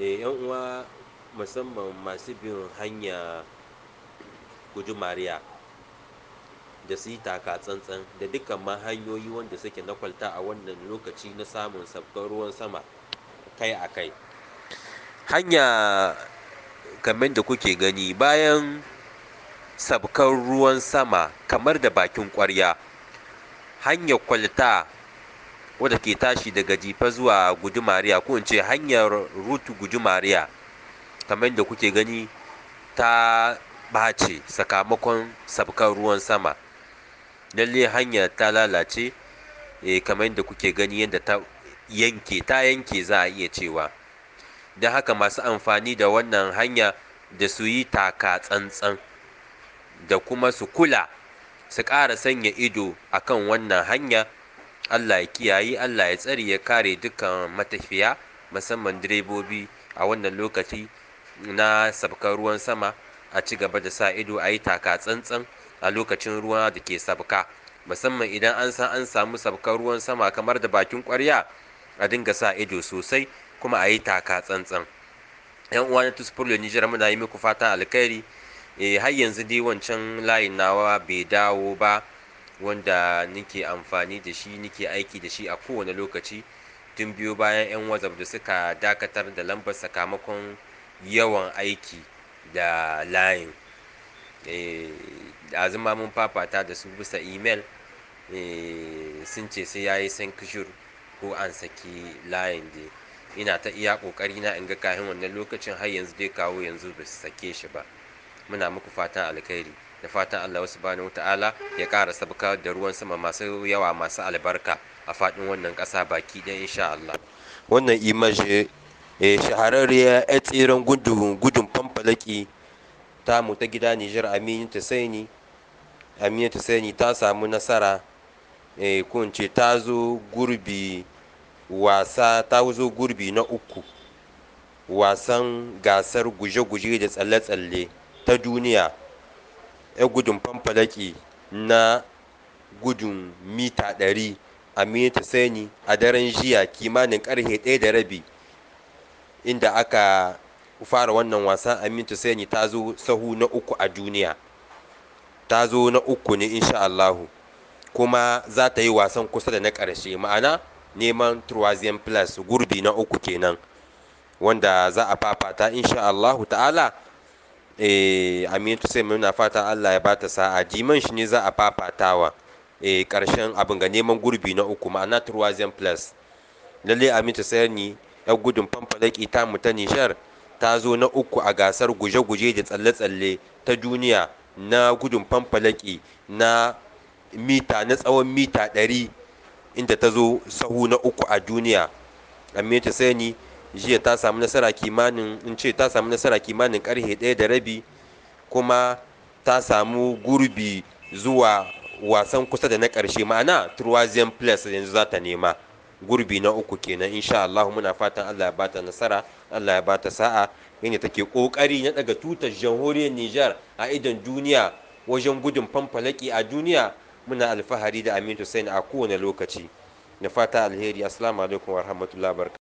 Eh, yan uwa musamman masu bin hanya gudumariya da su yi taka tsantsan da dukkan ma hanyoyi wanda suke na kwalta a wannan lokaci na samun sabgar ruwan sama kai a kai hanya kamar da kuke gani bayan sabkar ruwan sama kamar da bakin kwarya hanyar kwalta wadda ke tashi daga jifa zuwa gudumariya ko in ce hanyar rutu mariya kamar da kuke gani ta ɓace sakamakon sabkar ruwan sama lalle hanyar ta lalace e, kamar da kuke gani yadda ta yanke ta yanke za a iya cewa don haka masu amfani da wannan hanya da su yi taka tsantsan da kuma su kula su ƙara sanya ido akan wannan hanya Allah ya kiyaye Allah ya tsare ya kare dukkan matafiya musamman direbobi a wannan lokaci na sabkar ruwan sama a ci gaba da sa ido a yi taka tsantsan a lokacin ruwa da ke sabka musamman idan an san an samu sabkar ruwan sama kamar da bakin kwarya a dinga sa ido sosai kuma a yi taka tsantsan yan uwa na tusfurlo nijar muna yi muku fatan alkhairi eh, har yanzu dai wancan layin nawa bai dawo ba wanda nike amfani da shi nike aiki da shi a kowane lokaci tun biyo bayan 'yan whatsapp da suka dakatar da lambar sakamakon yawan aiki da layin eh, a zama mun fafata da su bisa email eh, sun ce sai ya yi sankishir ko an saki layin dai ina ta iya ƙoƙari na in ga kayan wannan lokacin har yanzu dai kawo yanzu ba su sake shi ba muna muku fatan alkhairi da fatan Allah subhanahu ta'ala ya kara sabuka da ruwan sama masu yawa masu albarka a faɗin wannan ƙasa baki ɗaya insha Allah wannan image eh, shahararriya ya tseren gudun famfalaki ta mu ta gida Nijar Aminu Tasaini Aminu ta samu nasara eh ce ta zo gurbi wasa ta zo gurbi na uku wasan gasar guje-guje da tsalle-tsalle ta duniya yar gudun fanfalaki na gudun mita ɗari a Miniti a daren jiya kimanin da rabi inda aka fara wannan wasa Amintu sani ta zo sahu na uku a duniya ta zo na uku ne insha Allahu kuma za ta yi wasan kusa da na ƙarshe ma'ana neman Troisième Plus gurbi na uku kenan wanda za a fafata insha Allahu ta'ala e eh, aminatu sai muna fata allah ya bata sa'a jiman shi ne za a fafatawa e eh, karshen abin ga neman gurbi na uku ma'ana turwazen plus lalle aminatu sai ni yan gudun fanfalaki ta mu ta nishar ta zo na uku a gasar guje-guje da tsalle-tsalle ta duniya na gudun fanfalaki na mita na tsawon mita 100 inda ta zo sahu na uku a duniya aminatu sai ni jiya ta samu nasara kimanin in ce ta samu nasara kimanin karhe ɗaya da rabi kuma ta samu gurbi zuwa wasan kusa da na ƙarshe ma'ana troisième place yanzu za ta nema gurbi na uku kenan insha Allah muna fatan Allah ya bata nasara Allah ya bata sa'a yadda take kokari na daga tutar jamhuriyar Nijar a idan duniya wajen gudun fanfalaki a duniya muna alfahari da Amin Hussein a kowane lokaci na fata alheri assalamu alaikum warahmatullahi wabarakatuh